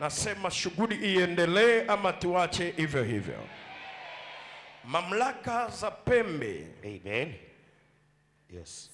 Nasema shughuli iendelee ama tuache hivyo hivyo. Mamlaka za pembe. Amen. Yes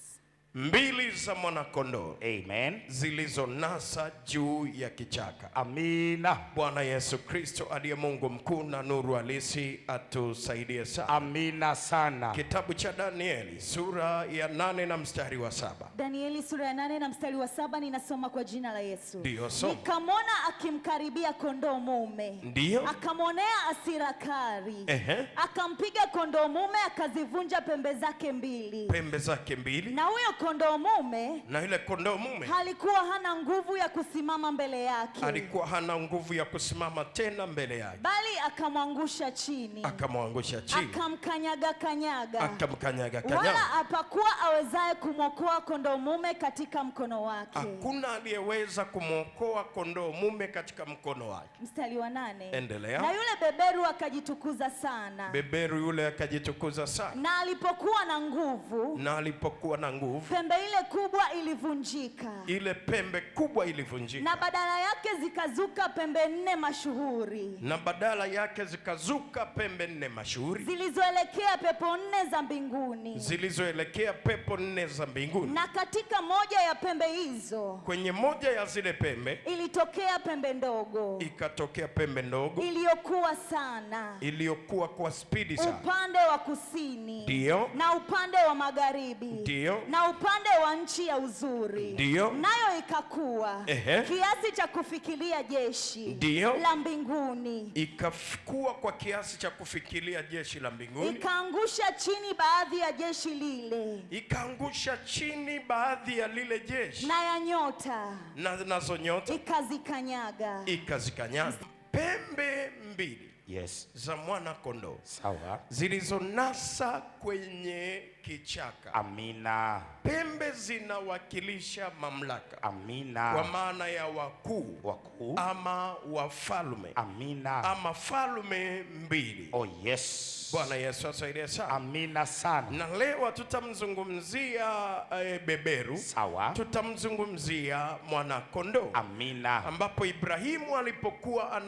mbili za mwanakondoo Amen. zilizonasa juu ya kichaka. Amina. Bwana Yesu Kristo aliye Mungu mkuu na nuru halisi atusaidie sana. Amina sana. Kitabu cha Danieli sura ya nane na mstari wa saba. Danieli sura ya nane na mstari wa saba ninasoma kwa jina la Yesu. ndiyo somo. Nikamwona akimkaribia kondoo mume. ndiyo Akamwonea asirakari Ehe. Akampiga kondoo mume akazivunja pembe zake mbili. Pembe zake mbili. Na huyo kondoo mume na yule kondoo mume alikuwa hana nguvu ya kusimama mbele yake, alikuwa hana nguvu ya kusimama tena mbele yake, bali akamwangusha chini, akamwangusha chini, akamkanyaga kanyaga, akamkanyaga kanyaga, wala hapakuwa awezaye kumwokoa kondoo mume katika mkono wake. Hakuna aliyeweza kumwokoa kondoo mume katika mkono wake. Mstari wa nane, endelea. Na yule beberu akajitukuza sana, beberu yule akajitukuza sana, na alipokuwa na nguvu, na alipokuwa na nguvu pembe ile kubwa ilivunjika, ile pembe kubwa ilivunjika, na badala yake zikazuka pembe nne mashuhuri, na badala yake zikazuka pembe nne mashuhuri zilizoelekea pepo nne za mbinguni, zilizoelekea pepo nne za mbinguni. Na katika moja ya pembe hizo, kwenye moja ya zile pembe ilitokea pembe ndogo, ikatokea pembe ndogo iliyokuwa sana, iliyokuwa kwa spidi sana, upande wa kusini ndio, na upande wa magharibi ndio, na upande upande wa nchi ya uzuri, ndiyo nayo ikakuwa Ehe. kiasi cha kufikilia jeshi ndiyo la mbinguni, ikafukua kwa kiasi cha kufikilia jeshi la mbinguni, ikaangusha chini baadhi ya jeshi lile, ikaangusha chini baadhi ya lile jeshi na ya nyota na nazo nyota ikazikanyaga, ikazikanyaga pembe mbili yes, za mwana kondoo sawa, zilizonasa kwenye kichaka. Amina. Pembe zinawakilisha mamlaka. Amina. Kwa maana ya wakuu, wakuu ama wafalme. Amina. Ama falme mbili. Oh yes. Bwana Yesu asaidie sana. Amina sana. Na leo tutamzungumzia e, beberu. Sawa. Tutamzungumzia mwana kondoo. Amina. Ambapo Ibrahimu alipokuwa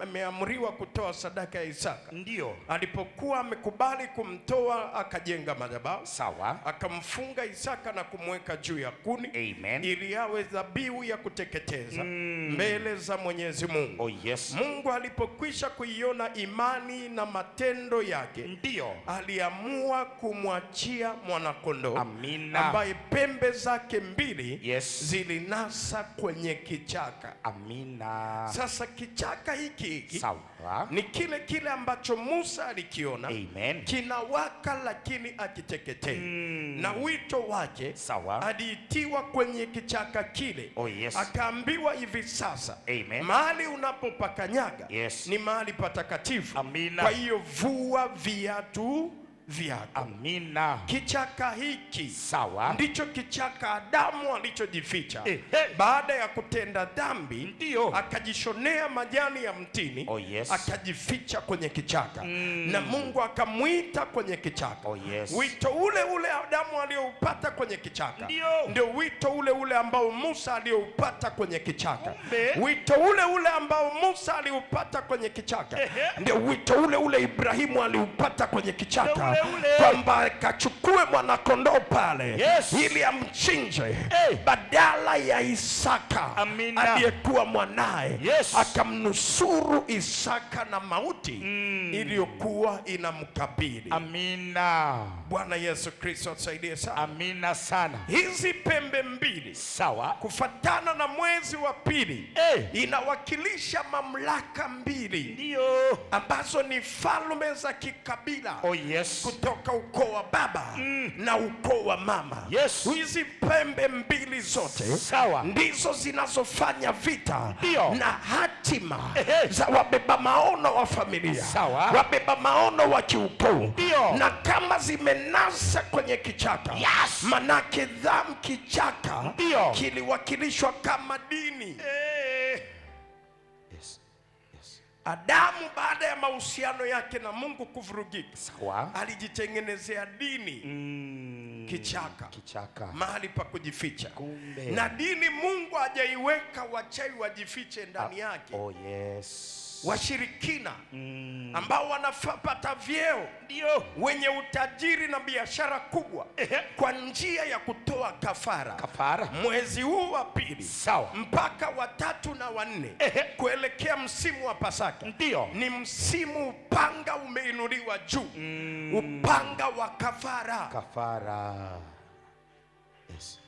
ameamriwa kutoa sadaka ya Isaka. Ndio. Alipokuwa amekubali kumtoa akajenga madhabahu madhabahu sawa, akamfunga Isaka na kumweka juu ya kuni Amen. ili awe dhabihu ya kuteketeza mm. mbele za Mwenyezi Mungu. Oh, yes. Mungu alipokwisha kuiona imani na matendo yake, ndio aliamua kumwachia mwanakondoo ambaye pembe zake mbili yes. zilinasa kwenye kichaka. Amina. Sasa kichaka hiki hiki sawa ni kile kile ambacho Musa alikiona Kinawaka lakini akiteketea mm. Na wito wake sawa, aliitiwa kwenye kichaka kile oh, yes. Akaambiwa hivi sasa Amen. Mahali unapopakanyaga yes. Ni mahali patakatifu. Kwa hiyo vua viatu vyako. Amina. Kichaka hiki sawa, ndicho kichaka Adamu alichojificha eh, eh. Baada ya kutenda dhambi ndio akajishonea majani ya mtini oh, yes. Akajificha kwenye kichaka mm. Na Mungu akamwita kwenye kichaka oh, yes. Wito ule ule Adamu aliyoupata kwenye kichaka ndio wito ule ule ambao Musa aliyoupata kwenye kichaka Mbe. Wito ule ule ambao Musa aliupata kwenye kichaka ndio wito ule ule Ibrahimu aliupata kwenye kichaka from by amchukue mwanakondoo pale yes, ili amchinje hey, badala ya Isaka aliyekuwa mwanaye yes, akamnusuru Isaka na mauti mm, iliyokuwa inamkabili. Amina. Bwana Yesu Kristo atusaidie sana. Amina sana. Hizi pembe mbili sawa, kufatana na mwezi wa pili hey, inawakilisha mamlaka mbili ndio ambazo ni falme za kikabila oh, yes, kutoka ukoo wa baba mm. Mm. na ukoo wa mama Yesu. Hizi pembe mbili zote sawa, ndizo zinazofanya vita Dio. na hatima Ehe. za wabeba maono wa familia sawa, wabeba maono wa kiukoo, na kama zimenasa kwenye kichaka yes. manake dham kichaka kiliwakilishwa kama dini Ehe. Adamu baada ya mahusiano yake na Mungu kuvurugika, sawa, alijitengenezea dini mm, kichaka, kichaka, mahali pa kujificha. Kumbe. Na dini Mungu hajaiweka wachawi wajifiche ndani ah, yake. Oh, yes washirikina mm. ambao wanapata vyeo ndio wenye utajiri na biashara kubwa Ehe. kwa njia ya kutoa kafara, kafara. mwezi huu wa pili sawa mpaka watatu na wanne kuelekea msimu wa Pasaka ndio ni msimu upanga umeinuliwa juu mm. upanga wa kafara, kafara. Yes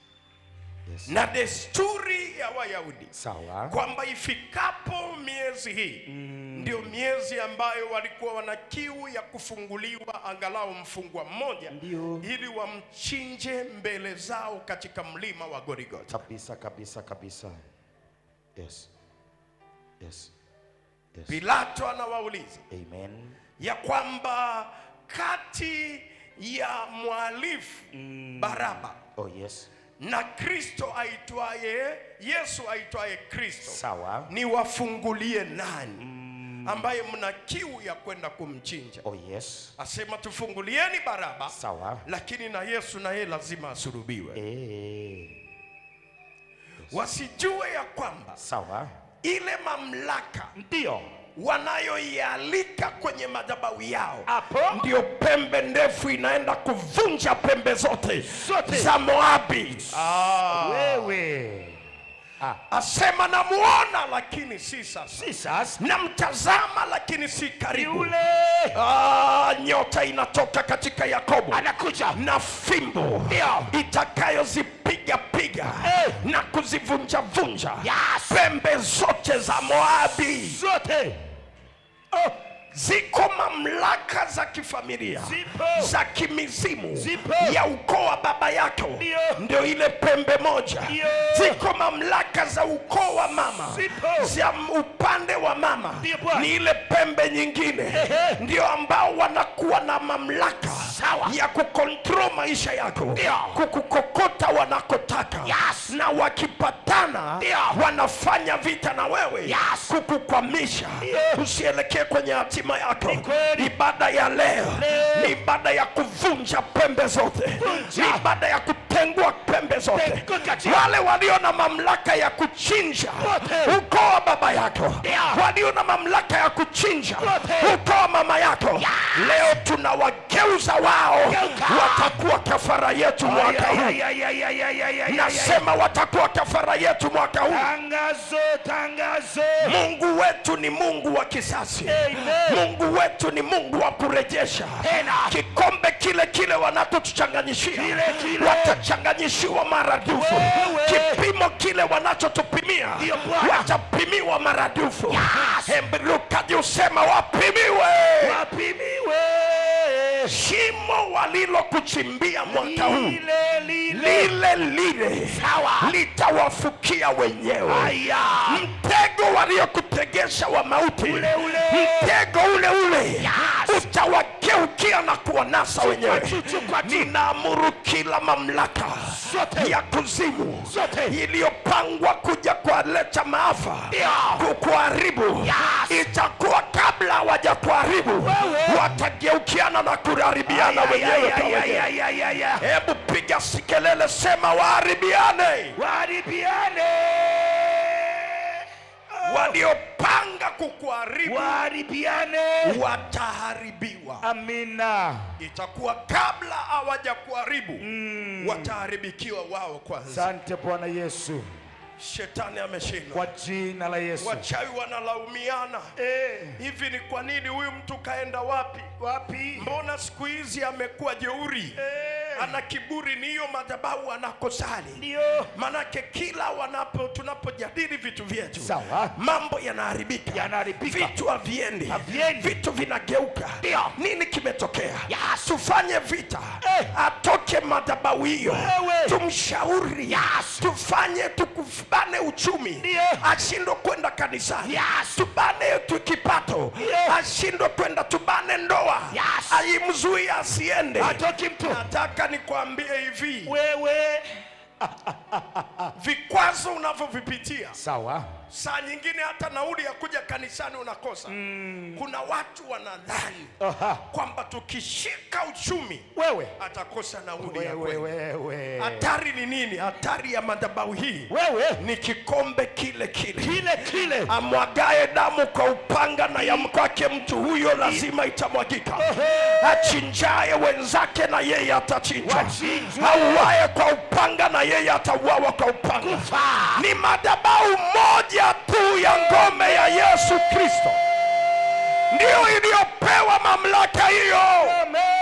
yes, na desturi ya Wayahudi sawa, kwamba ifikapo miezi hii mm, ndio miezi ambayo walikuwa wana kiu ya kufunguliwa angalau mfungwa mmoja ili wamchinje mbele zao katika mlima wa Golgotha. Kabisa kabisa kabisa, yes. Yes. Yes. Pilato anawauliza Amen, ya kwamba kati ya mwalifu mm, Baraba oh, yes na Kristo aitwaye Yesu aitwaye Kristo. Sawa. Ni wafungulie nani mm, ambaye mna kiu ya kwenda kumchinja. Oh, yes. Asema tufungulieni Baraba. Sawa. Lakini na Yesu na yeye lazima asulubiwe. Eh. Yes. Wasijue ya kwamba. Sawa. Ile mamlaka. Ndio wanayoialika kwenye madhabahu yao, ndio pembe ndefu inaenda kuvunja pembe zote, zote za Moabi. Ah, wewe ah. Asema namuona lakini si sasa, namtazama lakini si karibu. Ah, nyota inatoka katika Yakobo, anakuja na fimbo itakayozipiga piga eh. na kuzivunjavunja yes, pembe zote za Moabi zote, oh. Ziko mamlaka za kifamilia Zipo. za kimizimu Zipo. ya ukoo wa baba yako ndio ile pembe moja Dio. Ziko mamlaka za ukoo wa mama Zipo. za upande wa mama ni ile pembe nyingine ndio ambao wanakuwa na mamlaka sawa ya kukontrol maisha yako, kukukokota wanakotaka yes. na wakipatana Dio. wanafanya vita na wewe yes. kukukwamisha usielekee kwenye hatima yako. Ibada ya leo ni ibada ya kuvunja pembe zote, ni ibada ya Tengua pembe zote, wale walio na mamlaka ya kuchinja ukoo wa baba yako, walio na mamlaka ya kuchinja ukoo wa mama yako, leo tunawageuza wao, watakuwa kafara yetu mwaka huu. Nasema watakuwa kafara yetu mwaka huu. Mungu wetu ni Mungu wa kisasi, Mungu wetu ni Mungu wa kurejesha. Kikombe kile kile wanatotuchanganyishia wamechanganyishiwa maradufu. Kipimo kile wanachotupimia watapimiwa maradufu. Yes. usema wapimiwe, wapimiwe. Shimo walilokuchimbia mwaka huu lile lile litawafukia wenyewe. Mtego waliokutegesha wa mauti, mtego ule ule, yes. utawa kugeukia na kuwanasa wenyewe. Ninaamuru kila mamlaka Zote. ya kuzimu iliyopangwa kuja kuwaleta maafa kukuharibu yes. itakuwa kabla hawajakuharibu watageukiana na kuraribiana wenyewe wenyewe. Hebu piga sikelele, sema waharibiane, waharibiane waliopanga kukuharibu waharibiane, wataharibiwa. Amina. Itakuwa kabla hawajakuharibu mm, wataharibikiwa wao kwanza. Asante Bwana Yesu. Shetani ameshinda kwa jina la Yesu. Wachawi wanalaumiana eh. hivi, e, ni kwa nini huyu mtu kaenda wapi wapi? Mbona siku hizi amekuwa jeuri e ana kiburi, ni hiyo madhabahu anakosali. Ndio manake kila wanapo tunapojadili vitu vyetu mambo yanaharibika, yanaharibika, vitu haviendi, vitu vinageuka. Nini kimetokea? Yes. Tufanye vita eh. Atoke madhabahu hiyo, tumshauri yes. Tufanye tukubane uchumi, ashindwe kwenda kanisani yes. Tubane tukipato yes. Ashindwe kwenda, tubane ndoa yes. Aimzuia asiende, atoki mtu nataka nataka nikwambie hivi wewe vikwazo unavyovipitia sawa saa nyingine hata nauli ya kuja kanisani unakosa. Mm. Kuna watu wanadhani kwamba tukishika uchumi wewe atakosa nauli ya kwenda. Hatari ni nini? Hatari ya madhabahu hii wewe ni kikombe kile kile kile kile amwagaye damu kwa upanga na ya mkwake mtu huyo lazima itamwagika. Achinjaye wenzake na yeye atachinjwa, auaye kwa upanga na yeye atauawa kwa upanga. Ni madhabahu moja ya ngome ya Yesu Kristo ndiyo iliyopewa mamlaka hiyo. Amen.